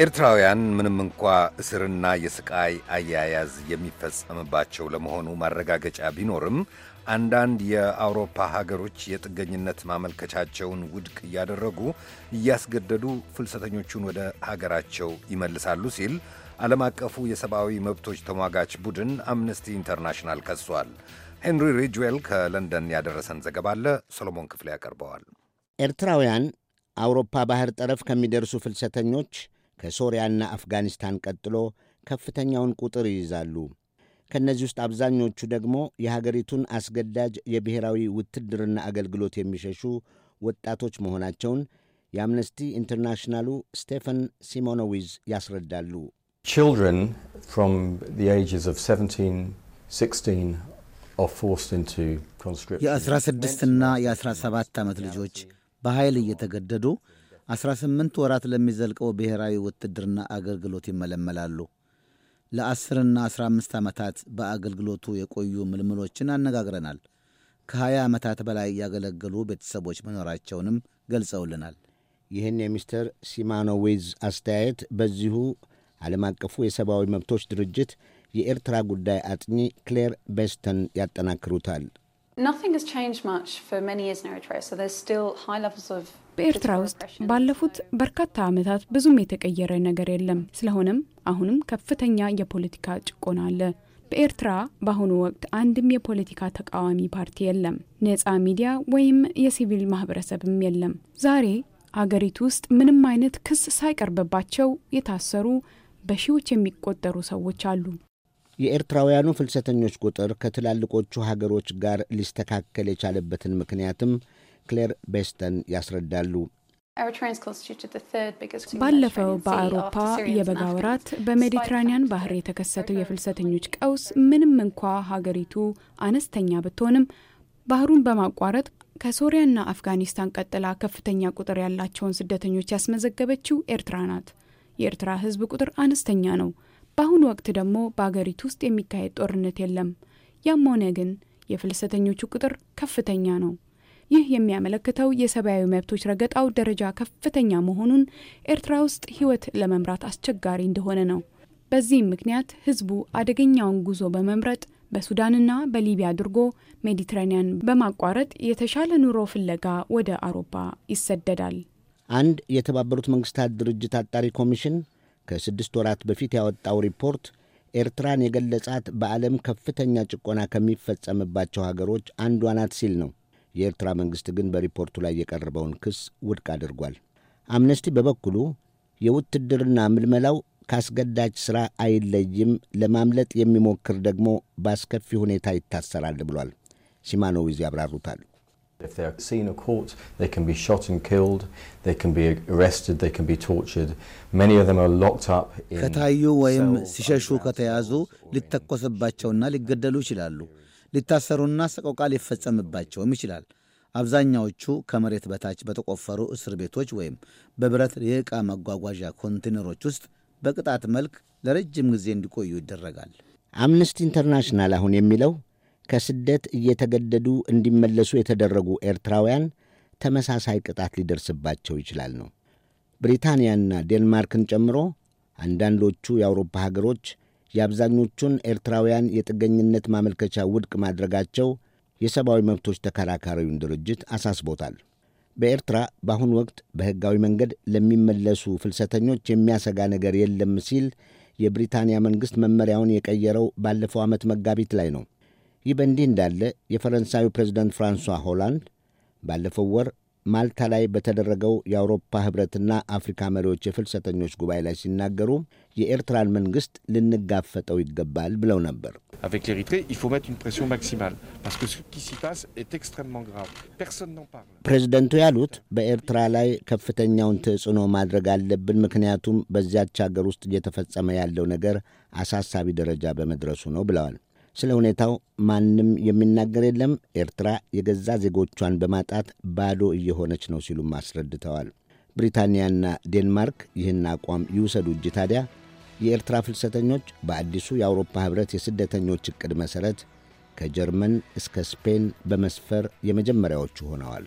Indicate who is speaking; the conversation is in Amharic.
Speaker 1: ኤርትራውያን ምንም እንኳ እስርና የስቃይ አያያዝ የሚፈጸምባቸው ለመሆኑ ማረጋገጫ ቢኖርም አንዳንድ የአውሮፓ ሀገሮች የጥገኝነት ማመልከቻቸውን ውድቅ እያደረጉ እያስገደዱ ፍልሰተኞቹን ወደ ሀገራቸው ይመልሳሉ ሲል ዓለም አቀፉ የሰብአዊ መብቶች ተሟጋች ቡድን አምነስቲ ኢንተርናሽናል ከሷል። ሄንሪ ሪጅዌል ከለንደን ያደረሰን ዘገባ አለ፣ ሰሎሞን ክፍሌ ያቀርበዋል። ኤርትራውያን አውሮፓ ባህር ጠረፍ ከሚደርሱ ፍልሰተኞች ከሶሪያና አፍጋኒስታን ቀጥሎ ከፍተኛውን ቁጥር ይይዛሉ። ከእነዚህ ውስጥ አብዛኞቹ ደግሞ የሀገሪቱን አስገዳጅ የብሔራዊ ውትድርና አገልግሎት የሚሸሹ ወጣቶች መሆናቸውን የአምነስቲ ኢንተርናሽናሉ ስቴፈን ሲሞኖዊዝ ያስረዳሉ።
Speaker 2: የ16ና
Speaker 3: የ17 ዓመት ልጆች በኃይል እየተገደዱ 18 ወራት ለሚዘልቀው ብሔራዊ ውትድርና አገልግሎት ይመለመላሉ። ለአስርና 15 ዓመታት በአገልግሎቱ የቆዩ ምልምሎችን አነጋግረናል። ከ20 ዓመታት
Speaker 1: በላይ ያገለገሉ ቤተሰቦች መኖራቸውንም ገልጸውልናል። ይህን የሚስተር ሲማኖዌዝ አስተያየት በዚሁ ዓለም አቀፉ የሰብአዊ መብቶች ድርጅት የኤርትራ ጉዳይ አጥኚ ክሌር ቤስተን ያጠናክሩታል።
Speaker 2: በኤርትራ ውስጥ ባለፉት በርካታ ዓመታት ብዙም የተቀየረ ነገር የለም። ስለሆነም አሁንም ከፍተኛ የፖለቲካ ጭቆና አለ። በኤርትራ በአሁኑ ወቅት አንድም የፖለቲካ ተቃዋሚ ፓርቲ የለም። ነፃ ሚዲያ ወይም የሲቪል ማህበረሰብም የለም። ዛሬ አገሪቱ ውስጥ ምንም አይነት ክስ ሳይቀርብባቸው የታሰሩ በሺዎች የሚቆጠሩ ሰዎች አሉ።
Speaker 1: የኤርትራውያኑ ፍልሰተኞች ቁጥር ከትላልቆቹ ሀገሮች ጋር ሊስተካከል የቻለበትን ምክንያትም ክሌር ቤስተን ያስረዳሉ።
Speaker 2: ባለፈው በአውሮፓ የበጋ ወራት በሜዲትራኒያን ባህር የተከሰተው የፍልሰተኞች ቀውስ ምንም እንኳ ሀገሪቱ አነስተኛ ብትሆንም ባህሩን በማቋረጥ ከሶሪያና አፍጋኒስታን ቀጥላ ከፍተኛ ቁጥር ያላቸውን ስደተኞች ያስመዘገበችው ኤርትራ ናት። የኤርትራ ሕዝብ ቁጥር አነስተኛ ነው። በአሁኑ ወቅት ደግሞ በአገሪቱ ውስጥ የሚካሄድ ጦርነት የለም። ያም ሆነ ግን የፍልሰተኞቹ ቁጥር ከፍተኛ ነው። ይህ የሚያመለክተው የሰብአዊ መብቶች ረገጣው ደረጃ ከፍተኛ መሆኑን፣ ኤርትራ ውስጥ ህይወት ለመምራት አስቸጋሪ እንደሆነ ነው። በዚህም ምክንያት ህዝቡ አደገኛውን ጉዞ በመምረጥ በሱዳንና በሊቢያ አድርጎ ሜዲትራኒያን በማቋረጥ የተሻለ ኑሮ ፍለጋ ወደ አውሮፓ ይሰደዳል።
Speaker 1: አንድ የተባበሩት መንግስታት ድርጅት አጣሪ ኮሚሽን ከስድስት ወራት በፊት ያወጣው ሪፖርት ኤርትራን የገለጻት በዓለም ከፍተኛ ጭቆና ከሚፈጸምባቸው ሀገሮች አንዷ ናት ሲል ነው። የኤርትራ መንግሥት ግን በሪፖርቱ ላይ የቀረበውን ክስ ውድቅ አድርጓል። አምነስቲ በበኩሉ የውትድርና ምልመላው ካስገዳጅ ሥራ አይለይም፣ ለማምለጥ የሚሞክር ደግሞ በአስከፊ ሁኔታ ይታሰራል ብሏል። ሲማኖዊዝ ያብራሩታል።
Speaker 2: ከታዩ
Speaker 3: ወይም ሲሸሹ ከተያዙ ሊተኮስባቸውና ሊገደሉ ይችላሉ። ሊታሰሩና ሰቆቃ ሊፈጸምባቸውም ይችላል። አብዛኛዎቹ ከመሬት በታች በተቆፈሩ እስር ቤቶች ወይም በብረት የዕቃ መጓጓዣ ኮንቴነሮች ውስጥ በቅጣት መልክ ለረጅም ጊዜ እንዲቆዩ ይደረጋል።
Speaker 1: አምነስቲ ኢንተርናሽናል አሁን የሚለው ከስደት እየተገደዱ እንዲመለሱ የተደረጉ ኤርትራውያን ተመሳሳይ ቅጣት ሊደርስባቸው ይችላል ነው። ብሪታንያና ዴንማርክን ጨምሮ አንዳንዶቹ የአውሮፓ ሀገሮች የአብዛኞቹን ኤርትራውያን የጥገኝነት ማመልከቻ ውድቅ ማድረጋቸው የሰብአዊ መብቶች ተከራካሪውን ድርጅት አሳስቦታል። በኤርትራ በአሁኑ ወቅት በሕጋዊ መንገድ ለሚመለሱ ፍልሰተኞች የሚያሰጋ ነገር የለም ሲል የብሪታንያ መንግሥት መመሪያውን የቀየረው ባለፈው ዓመት መጋቢት ላይ ነው። ይህ በእንዲህ እንዳለ የፈረንሳዩ ፕሬዚደንት ፍራንሷ ሆላንድ ባለፈው ወር ማልታ ላይ በተደረገው የአውሮፓ ህብረትና አፍሪካ መሪዎች የፍልሰተኞች ጉባኤ ላይ ሲናገሩ የኤርትራን መንግስት ልንጋፈጠው ይገባል ብለው ነበር። ፕሬዚደንቱ ያሉት በኤርትራ ላይ ከፍተኛውን ተጽዕኖ ማድረግ አለብን፣ ምክንያቱም በዚያች አገር ውስጥ እየተፈጸመ ያለው ነገር አሳሳቢ ደረጃ በመድረሱ ነው ብለዋል። ስለ ሁኔታው ማንም የሚናገር የለም። ኤርትራ የገዛ ዜጎቿን በማጣት ባዶ እየሆነች ነው ሲሉም አስረድተዋል። ብሪታንያና ዴንማርክ ይህን አቋም ይውሰዱ እጅ ታዲያ የኤርትራ ፍልሰተኞች በአዲሱ የአውሮፓ ኅብረት የስደተኞች ዕቅድ መሠረት ከጀርመን እስከ ስፔን በመስፈር የመጀመሪያዎቹ ሆነዋል።